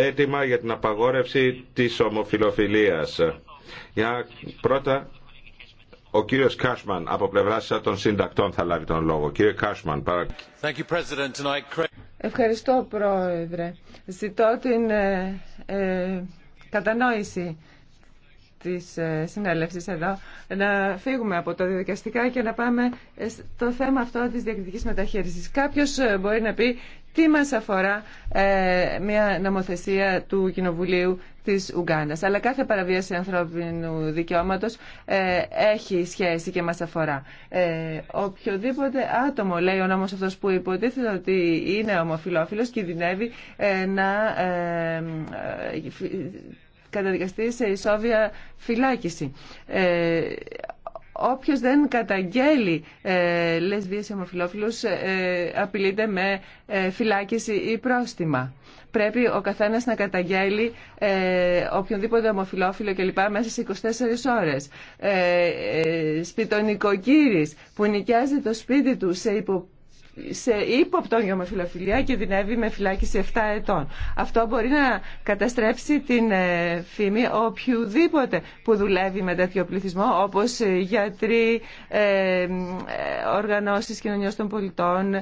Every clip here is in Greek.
θέτημα για την απαγόρευση της ομοφιλοφιλίας. Για πρώτα ο κύριος Κάσμαν από πλευράς των συντακτών θα λάβει τον λόγο. Κύριε Κάσμαν, παρακαλώ. Ευχαριστώ, Πρόεδρε. Ζητώ την ε, ε κατανόηση της ε, συνέλευσης εδώ να φύγουμε από το διαδικαστικά και να πάμε ε, στο θέμα αυτό της διακριτικής μεταχείρισης. Κάποιος ε, μπορεί να πει τι μας αφορά μια νομοθεσία του Κοινοβουλίου της Ουγκάνας. Αλλά κάθε παραβίαση ανθρώπινου δικαιώματος έχει σχέση και μας αφορά. οποιοδήποτε άτομο, λέει ο νόμος αυτός που υποτίθεται ότι είναι ομοφιλόφιλος, κινδυνεύει να καταδικαστεί σε ισόβια φυλάκιση. Ε, Όποιος δεν καταγγέλει ε, λεσβείε ή ομοφυλόφιλους ε, απειλείται με ε, φυλάκιση ή πρόστιμα. Πρέπει ο καθένας να καταγγέλει ε, οποιονδήποτε ομοφυλόφιλο κλπ. μέσα σε 24 ώρες. Ε, ε, σπιτονικοκύρης που νοικιάζει το σπίτι του σε υπο σε ύποπτο για ομοφυλοφιλία και δυνεύει με φυλάκιση 7 ετών. Αυτό μπορεί να καταστρέψει την ε, φήμη οποιοδήποτε που δουλεύει με τέτοιο πληθυσμό, όπως γιατροί, ε, ε, οργανώσεις κοινωνιών των πολιτών,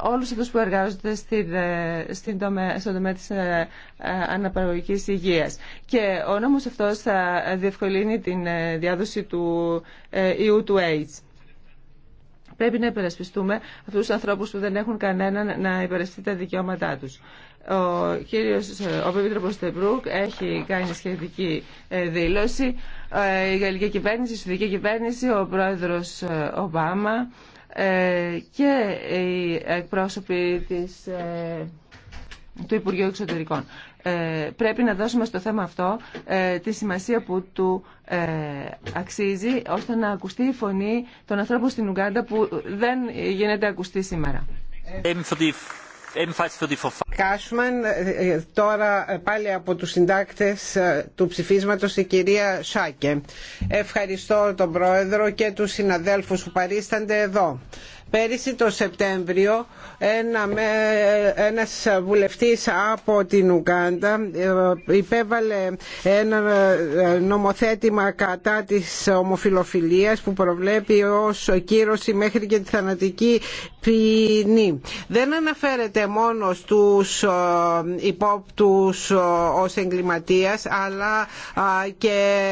όλους αυτούς που εργάζονται στην, στην τομέα, στον τομέα της αναπαραγωγικής υγείας. Και ο νόμος αυτός θα διευκολύνει την διάδοση του ιού του AIDS. Πρέπει να υπερασπιστούμε αυτού του ανθρώπου που δεν έχουν κανέναν να υπερασπιστεί τα δικαιώματά του. Ο κύριος, ε, ο Τεμπρούκ έχει κάνει σχετική ε, δήλωση. Ε, η γαλλική κυβέρνηση, η σουδική κυβέρνηση, ο πρόεδρος Ομπάμα και οι εκπρόσωποι της, του Υπουργείου Εξωτερικών. Ε, πρέπει να δώσουμε στο θέμα αυτό ε, τη σημασία που του ε, αξίζει ώστε να ακουστεί η φωνή των ανθρώπων στην Ουγγάντα που δεν γίνεται ακουστή σήμερα. Κάσμαν, τώρα πάλι από τους συντάκτες του ψηφίσματος η κυρία Σάκε. Ευχαριστώ τον Πρόεδρο και τους συναδέλφους που παρίστανται εδώ. Πέρυσι το Σεπτέμβριο ένα, ένας βουλευτής από την Ουγκάντα ε, υπέβαλε ένα ε, νομοθέτημα κατά της ομοφιλοφιλίας που προβλέπει ως κύρωση μέχρι και τη θανατική ποινή. Δεν αναφέρεται μόνο στους ε, υπόπτους ως εγκληματίας αλλά και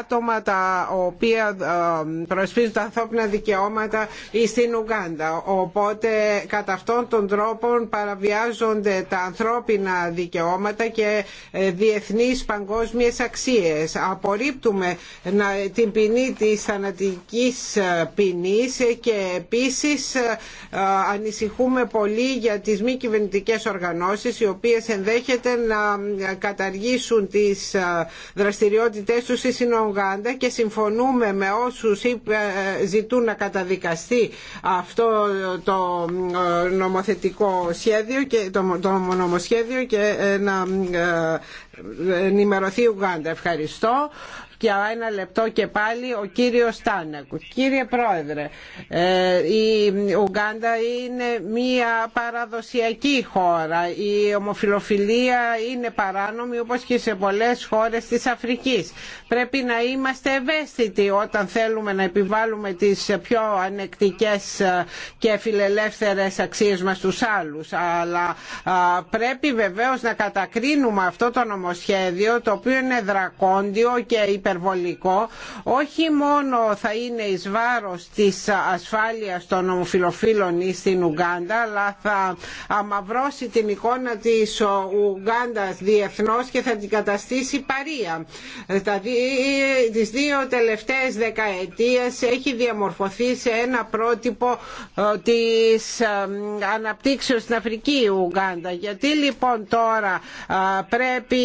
άτομα τα οποία προσφύζουν τα ανθρώπινα δικαιώματα ή στην Ουγγάντα. Οπότε κατά αυτόν τον τρόπο παραβιάζονται τα ανθρώπινα δικαιώματα και ε, διεθνείς παγκόσμιες αξίες. Απορρίπτουμε την ποινή της θανατικής ε, ποινής και επίσης ε, ανησυχούμε πολύ για τις μη κυβερνητικέ οργανώσεις οι οποίες ενδέχεται να καταργήσουν τις δραστηριότητες τους στην Ουγγάντα και συμφωνούμε με όσους ζητούν να καταδικαστούν αυτό το ε, νομοθετικό σχέδιο και το, νομοσχέδιο και ε, να ε, ενημερωθεί η Ουγγάντα. Ευχαριστώ για ένα λεπτό και πάλι ο κύριος Τάνεκου. Κύριε Πρόεδρε, ε, η Ουγγάντα είναι μία παραδοσιακή χώρα. Η ομοφιλοφιλία είναι παράνομη όπως και σε πολλές χώρες της Αφρικής. Πρέπει να είμαστε ευαίσθητοι όταν θέλουμε να επιβάλλουμε τις πιο ανεκτικές και φιλελεύθερες αξίες μας στους άλλους. Αλλά πρέπει βεβαίως να κατακρίνουμε αυτό το νομοσχέδιο το οποίο είναι δρακόντιο και υπερβολικό όχι μόνο θα είναι εις βάρος της ασφάλειας των ομοφιλοφίλων στην Ουγκάντα αλλά θα αμαυρώσει την εικόνα της Ουγκάντας διεθνώς και θα την καταστήσει παρία. Τις δύο τελευταίες δεκαετίες έχει διαμορφωθεί σε ένα πρότυπο ε, της ε, αναπτύξεως στην Αφρική Ουγκάντα. Γιατί λοιπόν τώρα ε, πρέπει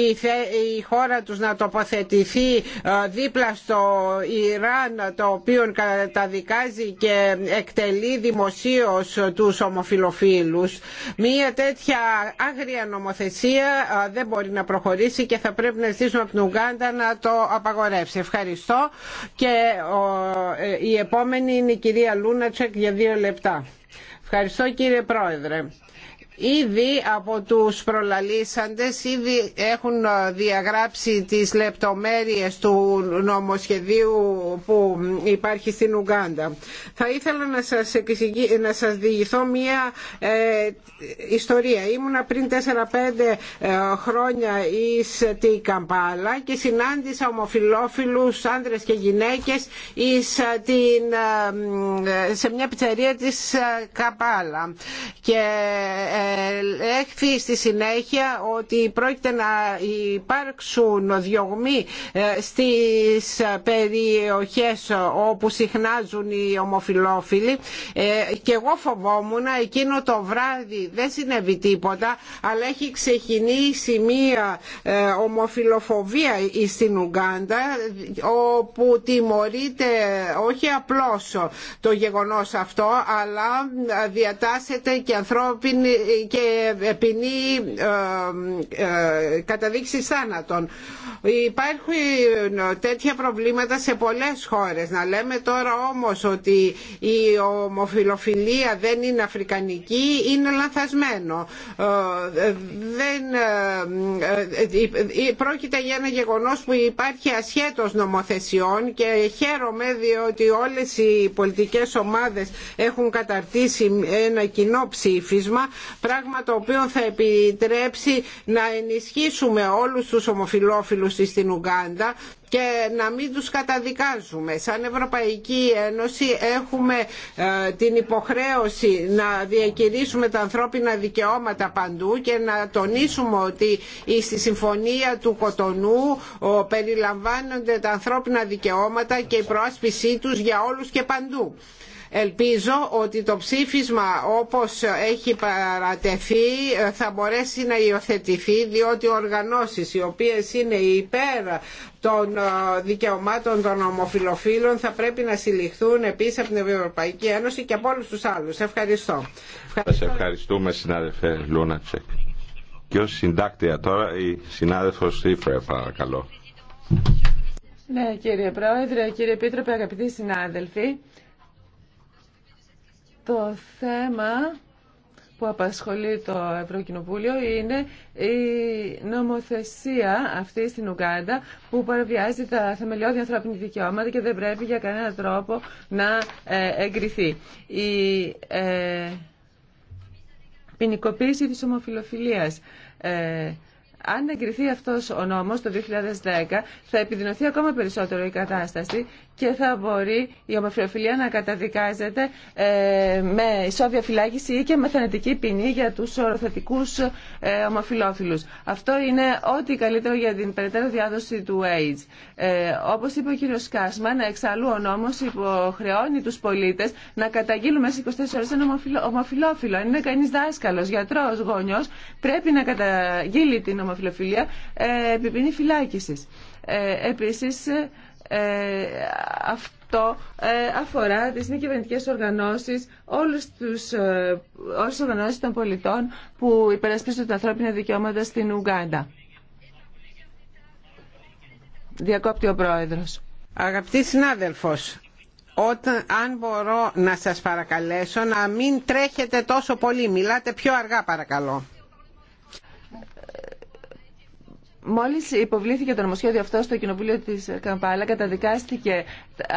η χώρα τους να τοποθετηθεί ε, δίπλα στο Ιράν το οποίο καταδικάζει και εκτελεί δημοσίως τους ομοφιλοφίλους. Μία τέτοια άγρια νομοθεσία ε, δεν μπορεί να προχωρήσει και θα πρέπει να ζητήσουμε από την Ουγγάντα να το απαγορεύσει. Ευχαριστώ και ε, η επόμενη είναι η κυρία Λούνατσεκ για δύο λεπτά. Ευχαριστώ κύριε Πρόεδρε. Ήδη από τους προλαλήσαντες ήδη έχουν ε, διαγράψει τις λεπτομέρειες του νομοσχεδίου που υπάρχει στην Ουγκάντα. Θα ήθελα να σας, να σας διηγηθώ μία ε, ιστορία. Ήμουνα πριν 4-5 ε, χρόνια εις τη Καμπάλα και συνάντησα ομοφιλόφιλους άντρες και γυναίκες εις την, σε μια πιτσαρία της Καμπάλα. Και έχθη στη συνέχεια ότι πρόκειται να υπάρξουν διωγμοί ε, στις περιοχές όπου συχνάζουν οι ομοφυλόφιλοι ε, και εγώ φοβόμουν εκείνο το βράδυ δεν συνέβη τίποτα αλλά έχει ξεκινήσει μία ε, ομοφιλοφοβία στην Ουγγάντα όπου τιμωρείται όχι απλώς το γεγονός αυτό αλλά διατάσσεται και ανθρώπινη και ποινή ε, ε, καταδείξη θάνατον. Υπάρχουν τέτοια προβλήματα σε πολλές χώρες. Να λέμε τώρα όμως ότι η ομοφιλοφιλία δεν είναι αφρικανική είναι λανθασμένο. Ε, δεν, πρόκειται για ένα γεγονός που υπάρχει ασχέτως νομοθεσιών και χαίρομαι διότι όλες οι πολιτικές ομάδες έχουν καταρτήσει ένα κοινό ψήφισμα πράγμα το οποίο θα επιτρέψει να ενισχύσουμε όλους τους ομοφιλόφιλους στην Ουγγάντα και να μην τους καταδικάζουμε. Σαν Ευρωπαϊκή Ένωση έχουμε ε, την υποχρέωση να διακηρύσουμε τα ανθρώπινα δικαιώματα παντού και να τονίσουμε ότι στη Συμφωνία του Κοτονού ο, περιλαμβάνονται τα ανθρώπινα δικαιώματα και η προάσπισή τους για όλους και παντού. Ελπίζω ότι το ψήφισμα όπως έχει παρατεθεί θα μπορέσει να υιοθετηθεί διότι οργανώσεις οι οποίες είναι υπέρ των ε, δικαιωμάτων των ομοφιλοφίλων θα πρέπει να συλληφθούν επίσης από την Ευρωπαϊκή Ένωση και από όλους τους άλλους. Ευχαριστώ. Σας ευχαριστούμε συνάδελφε Λούνατσεκ. Και ως συντάκτεια τώρα η συνάδελφος Στίφρε παρακαλώ. Ναι κύριε Πρόεδρε, κύριε Επίτροπε, αγαπητοί συνάδελφοι. Το θέμα που απασχολεί το Ευρωκοινοβούλιο είναι η νομοθεσία αυτή στην Ουγγάντα που παραβιάζει τα θεμελιώδη ανθρώπινη δικαιώματα και δεν πρέπει για κανένα τρόπο να ε, εγκριθεί. Η ε, ποινικοποίηση της ομοφιλοφιλίας ε, αν εγκριθεί αυτός ο νόμος το 2010 θα επιδεινωθεί ακόμα περισσότερο η κατάσταση και θα μπορεί η ομοφιλοφιλία να καταδικάζεται ε, με ισόβια φυλάκιση ή και με θανατική ποινή για τους οροθετικούς ε, Αυτό είναι ό,τι καλύτερο για την περαιτέρω διάδοση του AIDS. Ε, όπως είπε ο κύριος Κάσμαν, εξάλλου ο νόμος υποχρεώνει τους πολίτες να καταγγείλουν μέσα 24 ώρες ένα ομοφιλόφιλο. Αν είναι κανείς δάσκαλος, γιατρός, γόνιος, πρέπει να καταγγείλει την ομοφιλοφιλία ε, ποινή φυλάκισης. Ε, επίσης, ε, αυτό ε, αφορά τις μη κυβερνητικέ οργανώσεις, όλους τους, ε, όλες τις οργανώσεις των πολιτών που υπερασπίζονται τα ανθρώπινα δικαιώματα στην Ουγγάντα. Διακόπτει ο Πρόεδρος. Αγαπητή συνάδελφος, όταν, αν μπορώ να σας παρακαλέσω να μην τρέχετε τόσο πολύ, μιλάτε πιο αργά παρακαλώ. Μόλι υποβλήθηκε το νομοσχέδιο αυτό στο Κοινοβούλιο της Καμπάλα, καταδικάστηκε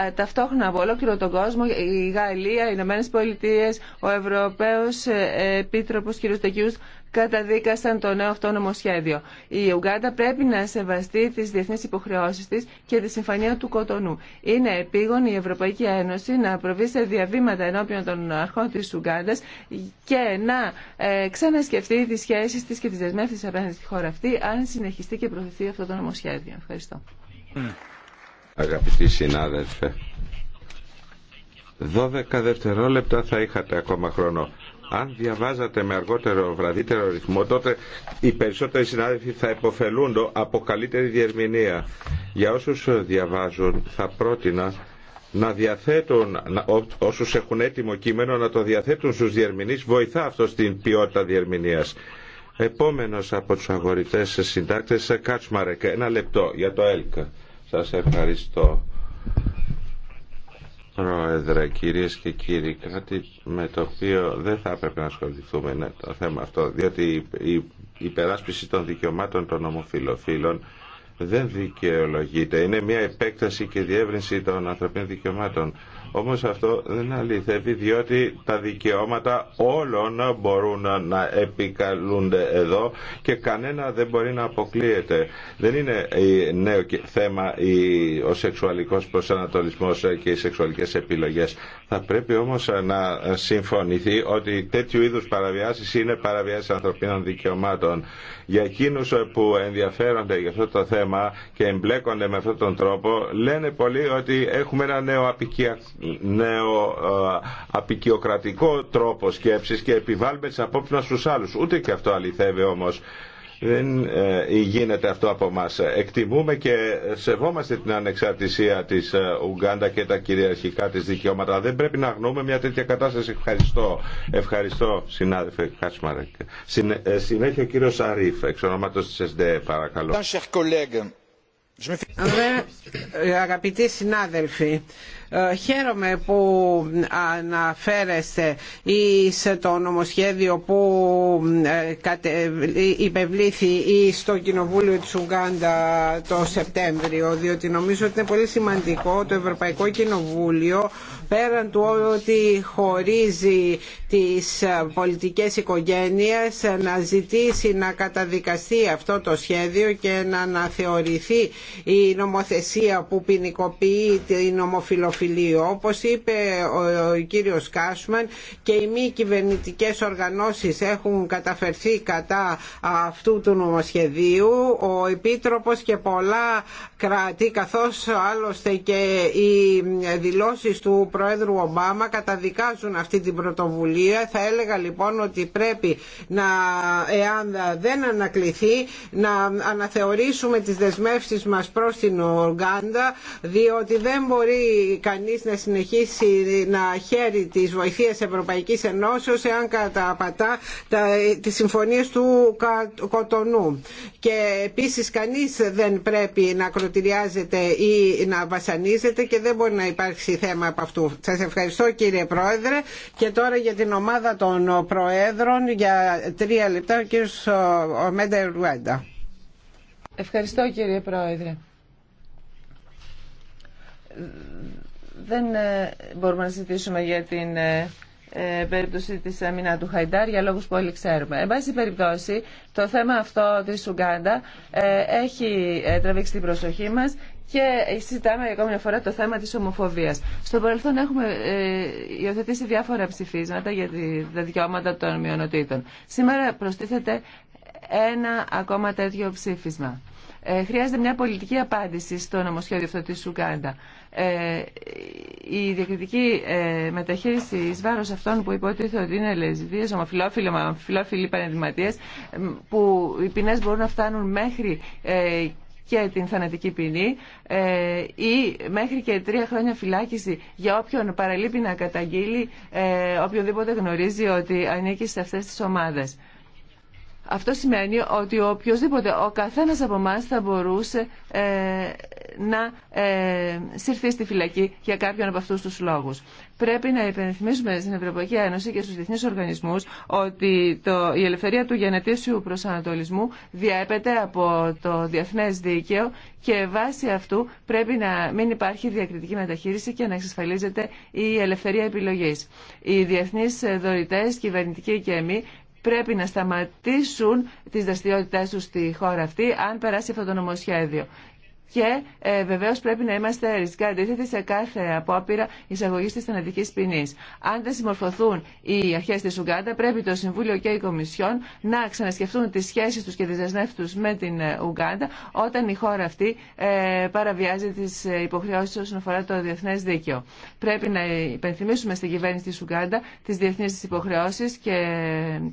ε, ταυτόχρονα από ολόκληρο τον κόσμο, η Γαλλία, οι Ηνωμένε Πολιτείε, ο Ευρωπαίος ε, Επίτροπος κ. Τεκιού, καταδίκασαν το νέο αυτό νομοσχέδιο. Η Ουγγάντα πρέπει να σεβαστεί τι διεθνεί υποχρεώσει τη και τη Συμφωνία του Κοτονού. Είναι επίγον η Ευρωπαϊκή Ένωση να προβεί σε διαβήματα ενώπιον των αρχών τη Ουγγάντα και να ε, ξανασκεφτεί τι σχέσει τη και τι δεσμεύσει απέναντι στη χώρα αυτή, αν συνεχιστεί και προωθηθεί αυτό το νομοσχέδιο. Ευχαριστώ. Αγαπητοί συνάδελφε, 12 δευτερόλεπτα θα είχατε ακόμα χρόνο αν διαβάζατε με αργότερο βραδύτερο ρυθμό, τότε οι περισσότεροι συνάδελφοι θα υποφελούν από καλύτερη διερμηνία. Για όσους διαβάζουν, θα πρότεινα να διαθέτουν, όσους έχουν έτοιμο κείμενο, να το διαθέτουν στους διερμηνείς. Βοηθά αυτό στην ποιότητα διερμηνίας. Επόμενος από τους αγορητές συντάκτες, Κάτσμαρεκ, ένα λεπτό για το ΕΛΚ. Σας ευχαριστώ. Πρόεδρε, κυρίες και κύριοι, κάτι με το οποίο δεν θα έπρεπε να ασχοληθούμε είναι το θέμα αυτό, διότι η περάσπιση των δικαιωμάτων των ομοφιλοφίλων δεν δικαιολογείται. Είναι μια επέκταση και διεύρυνση των ανθρωπίνων δικαιωμάτων. Όμως αυτό δεν αληθεύει διότι τα δικαιώματα όλων μπορούν να επικαλούνται εδώ και κανένα δεν μπορεί να αποκλείεται. Δεν είναι νέο θέμα ο σεξουαλικός προσανατολισμός και οι σεξουαλικές επιλογές. Θα πρέπει όμως να συμφωνηθεί ότι τέτοιου είδους παραβιάσεις είναι παραβιάσεις ανθρωπίνων δικαιωμάτων. Για εκείνου που ενδιαφέρονται για αυτό το θέμα και εμπλέκονται με αυτόν τον τρόπο λένε πολλοί ότι έχουμε ένα νέο νέο ε, απεικιοκρατικό τρόπο σκέψης και επιβάλλουμε τις απόψεις μας στους άλλους. Ούτε και αυτό αληθεύει όμως. Δεν ε, γίνεται αυτό από εμά. Εκτιμούμε και σεβόμαστε την ανεξαρτησία τη ε, Ουγγάντα και τα κυριαρχικά τη δικαιώματα. Δεν πρέπει να αγνοούμε μια τέτοια κατάσταση. Ευχαριστώ. Ευχαριστώ, συνάδελφε Κάσμαρεκ. Συνέχεια ο κύριο Σαρίφ, εξ ονόματο τη ΕΣΔΕ, παρακαλώ. Αγαπητοί συνάδελφοι, ε, χαίρομαι που αναφέρεστε ή σε το νομοσχέδιο που ε, ε, υπευλήθη ή στο Κοινοβούλιο της Ουγγάντα το Σεπτέμβριο διότι νομίζω ότι είναι πολύ σημαντικό το Ευρωπαϊκό Κοινοβούλιο πέραν του ότι χωρίζει τις πολιτικές οικογένειες να ζητήσει να καταδικαστεί αυτό το σχέδιο και να αναθεωρηθεί η νομοθεσία που ποινικοποιεί την ομοφιλοφιλία Όπω Όπως είπε ο κύριος Κάσμαν και οι μη κυβερνητικέ οργανώσεις έχουν καταφερθεί κατά αυτού του νομοσχεδίου. Ο Επίτροπος και πολλά κράτη καθώς άλλωστε και οι δηλώσεις του Προέδρου Ομπάμα καταδικάζουν αυτή την πρωτοβουλία. Θα έλεγα λοιπόν ότι πρέπει να, εάν δεν ανακληθεί, να αναθεωρήσουμε τις δεσμεύσεις μας προς την Οργάντα διότι δεν μπορεί κανείς να συνεχίσει να χαίρει της βοηθείες Ευρωπαϊκής Ενώσεως εάν καταπατά τα, τις συμφωνίες του Κοτονού. Και επίσης κανείς δεν πρέπει να κροτηριάζεται ή να βασανίζεται και δεν μπορεί να υπάρξει θέμα από αυτού. Σας ευχαριστώ κύριε Πρόεδρε και τώρα για την ομάδα των Προέδρων για τρία λεπτά ο κύριος Μέντα Ερουέντα. Ευχαριστώ κύριε Πρόεδρε δεν ε, μπορούμε να συζητήσουμε για την ε, ε, περίπτωση της αμήνα του Χαϊντάρ για λόγους που όλοι ξέρουμε. Εν πάση περιπτώσει, το θέμα αυτό της Ουγκάντα έχει τραβήξει την προσοχή μας και συζητάμε ακόμη μια φορά το θέμα της ομοφοβίας. Στο παρελθόν έχουμε υιοθετήσει διάφορα ψηφίσματα για τα δικαιώματα των μειονοτήτων. Σήμερα προστίθεται ένα ακόμα τέτοιο ψήφισμα. Ε, χρειάζεται μια πολιτική απάντηση στο νομοσχέδιο αυτό της Ουγκάντα. Ε, η διακριτική ε, μεταχείριση εις βάρος αυτών που υποτίθεται ότι είναι λεσβείε, ομοφιλόφιλοι, ομοφιλόφιλοι πανεδηματίες, που οι ποινές μπορούν να φτάνουν μέχρι και την θανατική ποινή ή μέχρι και τρία χρόνια φυλάκιση για όποιον παραλείπει να καταγγείλει οποιοδήποτε γνωρίζει ότι ανήκει σε αυτές τις ομάδες. Αυτό σημαίνει ότι οποιοδήποτε, ο καθένας από εμά θα μπορούσε ε, να ε, συρθεί στη φυλακή για κάποιον από αυτούς τους λόγους. Πρέπει να υπενθυμίσουμε στην Ευρωπαϊκή Ένωση και στους διεθνείς οργανισμούς ότι το, η ελευθερία του γενετήσιου προσανατολισμού διέπεται από το διεθνές δίκαιο και βάσει αυτού πρέπει να μην υπάρχει διακριτική μεταχείριση και να εξασφαλίζεται η ελευθερία επιλογής. Οι διεθνείς δωρητές, κυβερνητικοί και εμεί πρέπει να σταματήσουν τις δραστηριότητές τους στη χώρα αυτή αν περάσει αυτό το νομοσχέδιο και ε, βεβαίω πρέπει να είμαστε ριζικά αντίθετοι σε κάθε απόπειρα εισαγωγή τη θανατική ποινή. Αν δεν συμμορφωθούν οι αρχέ τη Ουγγάντα, πρέπει το Συμβούλιο και η Κομισιόν να ξανασκεφτούν τι σχέσει του και τι δεσμεύσει με την ε, Ουγγάντα όταν η χώρα αυτή ε, παραβιάζει τι ε, υποχρεώσει όσον αφορά το διεθνέ δίκαιο. Πρέπει να υπενθυμίσουμε στην κυβέρνηση τη Ουγγάντα τι διεθνεί τη υποχρεώσει και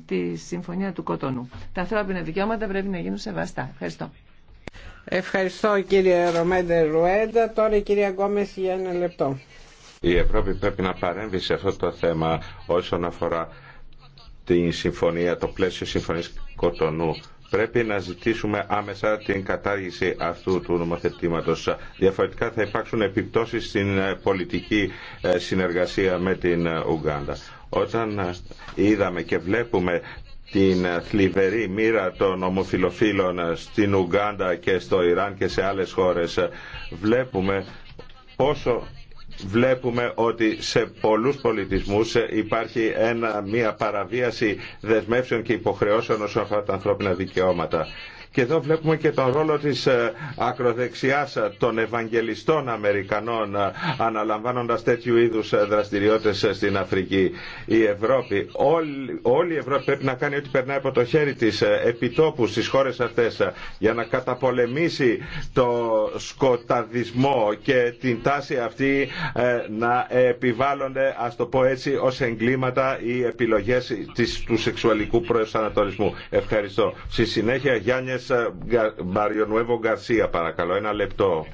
τη συμφωνία του Κοτονού. Τα ανθρώπινα δικαιώματα πρέπει να γίνουν σεβαστά. Ευχαριστώ. Ευχαριστώ κύριε Ρομέντε Ρουέντα. Τώρα η κυρία Γκόμες για ένα λεπτό. Η Ευρώπη πρέπει να παρέμβει σε αυτό το θέμα όσον αφορά την συμφωνία, το πλαίσιο συμφωνής Κοτονού πρέπει να ζητήσουμε άμεσα την κατάργηση αυτού του νομοθετήματος. Διαφορετικά θα υπάρξουν επιπτώσεις στην ε, πολιτική ε, συνεργασία με την ε, Ουγγάντα. Όταν είδαμε και βλέπουμε την θλιβερή μοίρα των ομοφιλοφίλων στην Ουγγάντα και στο Ιράν και σε άλλες χώρες βλέπουμε πόσο βλέπουμε ότι σε πολλούς πολιτισμούς υπάρχει ένα, μια παραβίαση δεσμεύσεων και υποχρεώσεων όσον αφορά τα ανθρώπινα δικαιώματα. Και εδώ βλέπουμε και τον ρόλο της ε, ακροδεξιάς ε, των Ευαγγελιστών Αμερικανών ε, αναλαμβάνοντας τέτοιου είδους δραστηριότητες στην Αφρική. Η Ευρώπη, όλη, η Ευρώπη πρέπει να κάνει ό,τι περνάει από το χέρι της επιτόπου στις χώρες αυτές για να καταπολεμήσει το σκοταδισμό και την τάση αυτή να επιβάλλονται, ας το πω έτσι, ως εγκλήματα οι επιλογές της, του σεξουαλικού προσανατολισμού. Ευχαριστώ. Στη συνέχεια Γιάννης Μπαριονουέβο ε, Γκαρσία παρακαλώ, ένα λεπτό.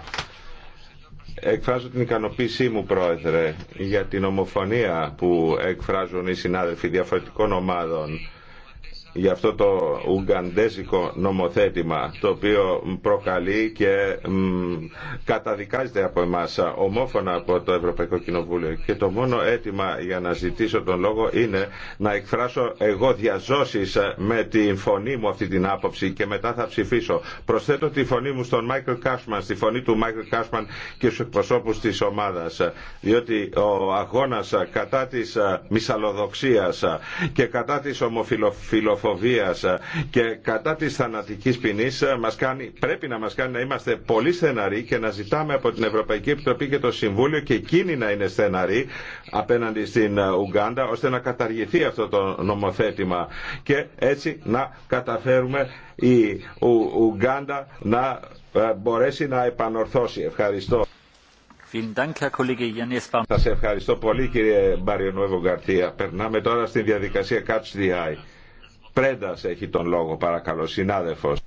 Εκφράζω την ικανοποίησή μου, Πρόεδρε, για την ομοφωνία που εκφράζουν οι συνάδελφοι διαφορετικών ομάδων για αυτό το Ουγγαντέζικο νομοθέτημα το οποίο προκαλεί και καταδικάζεται από εμάς ομόφωνα από το Ευρωπαϊκό Κοινοβούλιο και το μόνο αίτημα για να ζητήσω τον λόγο είναι να εκφράσω εγώ διαζώσεις ε, με τη φωνή μου αυτή την άποψη και μετά θα ψηφίσω. Προσθέτω τη φωνή μου στον Μάικλ Κάσμαν, στη φωνή του Μάικλ Κάσμαν και στους εκπροσώπους της ομάδας ε, διότι ο αγώνας ε, κατά της μυσαλλοδοξίας και κατά της ε, και κατά της θανατικής ποινής ε, πρέπει να μας κάνει να είμαστε πολύ στεναροί και να ζητάμε από την Ευρωπαϊκή Επιτροπή και το Συμβούλιο και εκείνη να είναι στεναροί απέναντι στην ε, Ουγγάντα ώστε να καταργηθεί αυτό το νομοθέτημα και έτσι να καταφέρουμε η Ουγγάντα να μπορέσει να επανορθώσει. Ευχαριστώ. Σα ευχαριστώ πολύ κύριε Μπαριονούεβο Γκαρτία. Περνάμε τώρα στη διαδικασία Catch the Eye. Πρέντας έχει τον λόγο, παρακαλώ, συνάδελφος.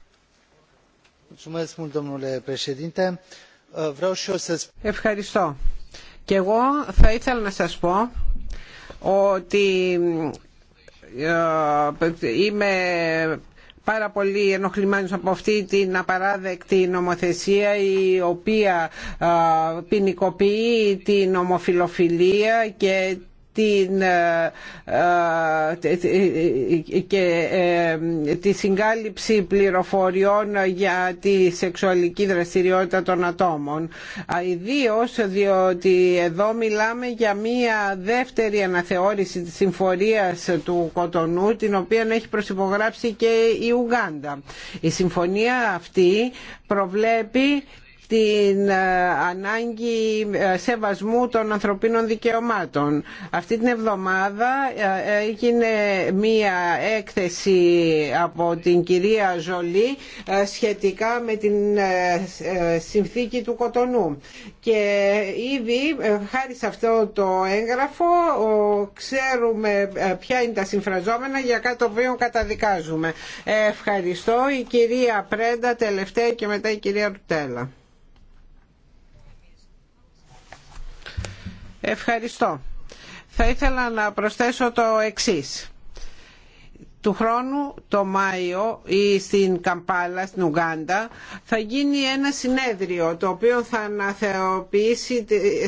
Ευχαριστώ. Και εγώ θα ήθελα να σας πω ότι ε, είμαι πάρα πολύ ενοχλημένος από αυτή την απαράδεκτη νομοθεσία η οποία ε, ποινικοποιεί την ομοφιλοφιλία και την, ε, ε, ε, και τη συγκάλυψη πληροφοριών για τη σεξουαλική δραστηριότητα των ατόμων. Ιδίω διότι εδώ μιλάμε για μία δεύτερη αναθεώρηση της συμφορίας του Κοτονού την οποία έχει προσυπογράψει και η Ουγγάντα. Η συμφωνία αυτή προβλέπει την ε, ανάγκη ε, σεβασμού των ανθρωπίνων δικαιωμάτων. Αυτή την εβδομάδα ε, έγινε μία έκθεση από την κυρία Ζολή σχετικά με την συνθήκη του Κοτονού. Και ήδη χάρη σε αυτό το έγγραφο ξέρουμε ποια είναι τα συμφραζόμενα για κάτι το οποίο καταδικάζουμε. Ευχαριστώ η κυρία Πρέντα τελευταία και μετά η κυρία Ρουτέλα. Ευχαριστώ. Θα ήθελα να προσθέσω το εξής του χρόνου το Μάιο ή στην Καμπάλα, στην Ουγγάντα, θα γίνει ένα συνέδριο το οποίο θα,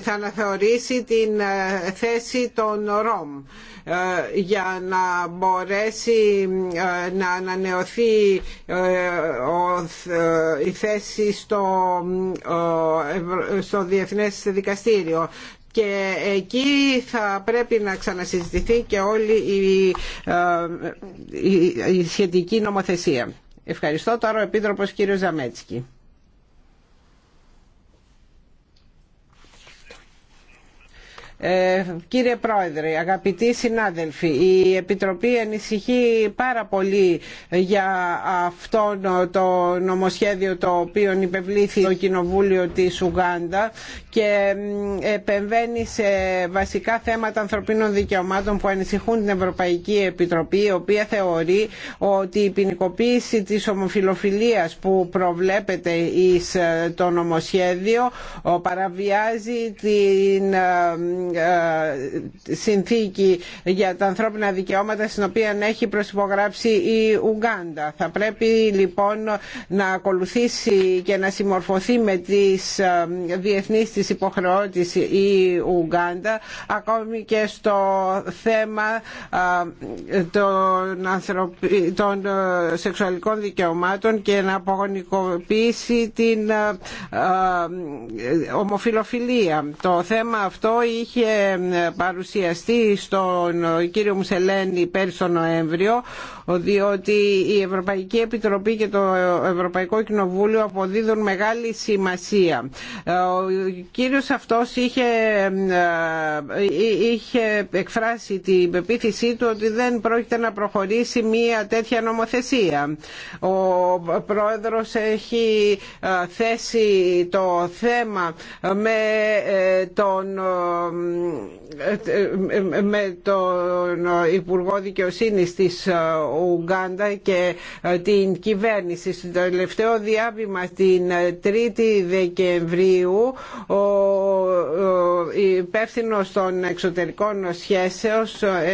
θα αναθεωρήσει την ε, θέση των ΡΟΜ ε, για να μπορέσει ε, να ανανεωθεί η θέση στο, στο Διεθνές Δικαστήριο και εκεί θα πρέπει να ξανασυζητηθεί και όλη ε, η, η, σχετική νομοθεσία. Ευχαριστώ τώρα ο Επίτροπος κύριος Ζαμέτσκι. Ε, κύριε Πρόεδρε, αγαπητοί συνάδελφοι, η Επιτροπή ανησυχεί πάρα πολύ για αυτό το νομοσχέδιο το οποίο υπευλήθη το Κοινοβούλιο της Ουγάντα και επεμβαίνει σε βασικά θέματα ανθρωπίνων δικαιωμάτων που ανησυχούν την Ευρωπαϊκή Επιτροπή η οποία θεωρεί ότι η ποινικοποίηση της ομοφιλοφιλίας που προβλέπεται εις ε, το νομοσχέδιο παραβιάζει την ε, ε, συνθήκη για τα ανθρώπινα δικαιώματα στην οποία έχει προσυπογράψει η Ουγγάντα. Θα πρέπει λοιπόν να ακολουθήσει και να συμμορφωθεί με τις διεθνείς της υποχρεώτης η Ουγγάντα ακόμη και στο θέμα των, ανθρωπι... των ε, σεξουαλικών δικαιωμάτων και να απογονικοποιήσει την ε, ε, ομοφιλοφιλία. Το θέμα αυτό είχε παρουσιαστεί στον κύριο Μουσελένη πέρυσι τον Νοέμβριο διότι η Ευρωπαϊκή Επιτροπή και το Ευρωπαϊκό Κοινοβούλιο αποδίδουν μεγάλη σημασία κύριος αυτός είχε, είχε εκφράσει την πεποίθησή του ότι δεν πρόκειται να προχωρήσει μία τέτοια νομοθεσία. Ο πρόεδρος έχει θέσει το θέμα με ε, τον, ε, με τον Υπουργό Δικαιοσύνης της Ουγγάντα και την κυβέρνηση. Στο τελευταίο διάβημα την 3η ε, Δεκεμβρίου ο υπεύθυνο των εξωτερικών σχέσεων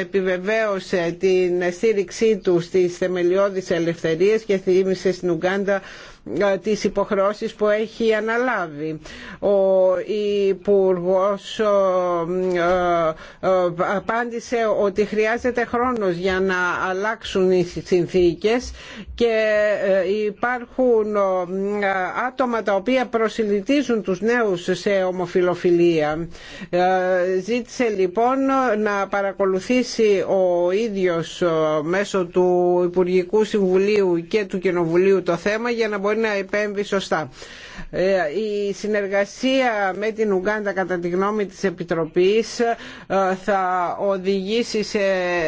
επιβεβαίωσε την στήριξή του στις θεμελιώδεις ελευθερίες και θύμισε στην Ουγγάντα ε, τις υποχρεώσεις που έχει αναλάβει. Ο υπουργό ε, ε, απάντησε ότι χρειάζεται χρόνος για να αλλάξουν οι συνθήκες και υπάρχουν άτομα τα οποία προσιλητίζουν τους νέους σε ομοφιλοφιλία. Ε, ζήτησε λοιπόν να παρακολουθήσει ο ίδιος ε, μέσω του Υπουργικού Συμβουλίου και του Κοινοβουλίου το θέμα για να μπορεί να επέμβει σωστά. Ε, η συνεργασία με την Ουγγάντα κατά τη γνώμη της Επιτροπής ε, θα οδηγήσει σε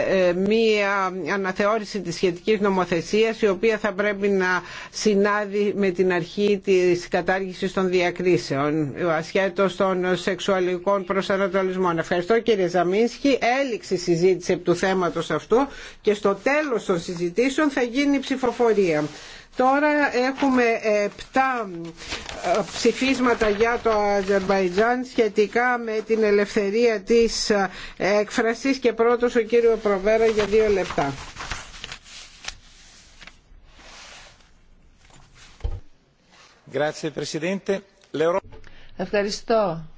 ε, μία αναθεώρηση της σχετικής νομοθεσίας η οποία θα πρέπει να συνάδει με την αρχή της κατάργησης των διακρίσεων ασχέτως των σεξουαλικών προσανατολισμών. Ευχαριστώ κύριε Ζαμίνσκι. Έληξε η συζήτηση του θέματος αυτού και στο τέλος των συζητήσεων θα γίνει ψηφοφορία. Τώρα έχουμε 7 ε, ψηφίσματα για το Αζερβαϊτζάν σχετικά με την ελευθερία της ε, έκφρασης και πρώτος ο κύριο Προβέρα για δύο λεπτά. Ευχαριστώ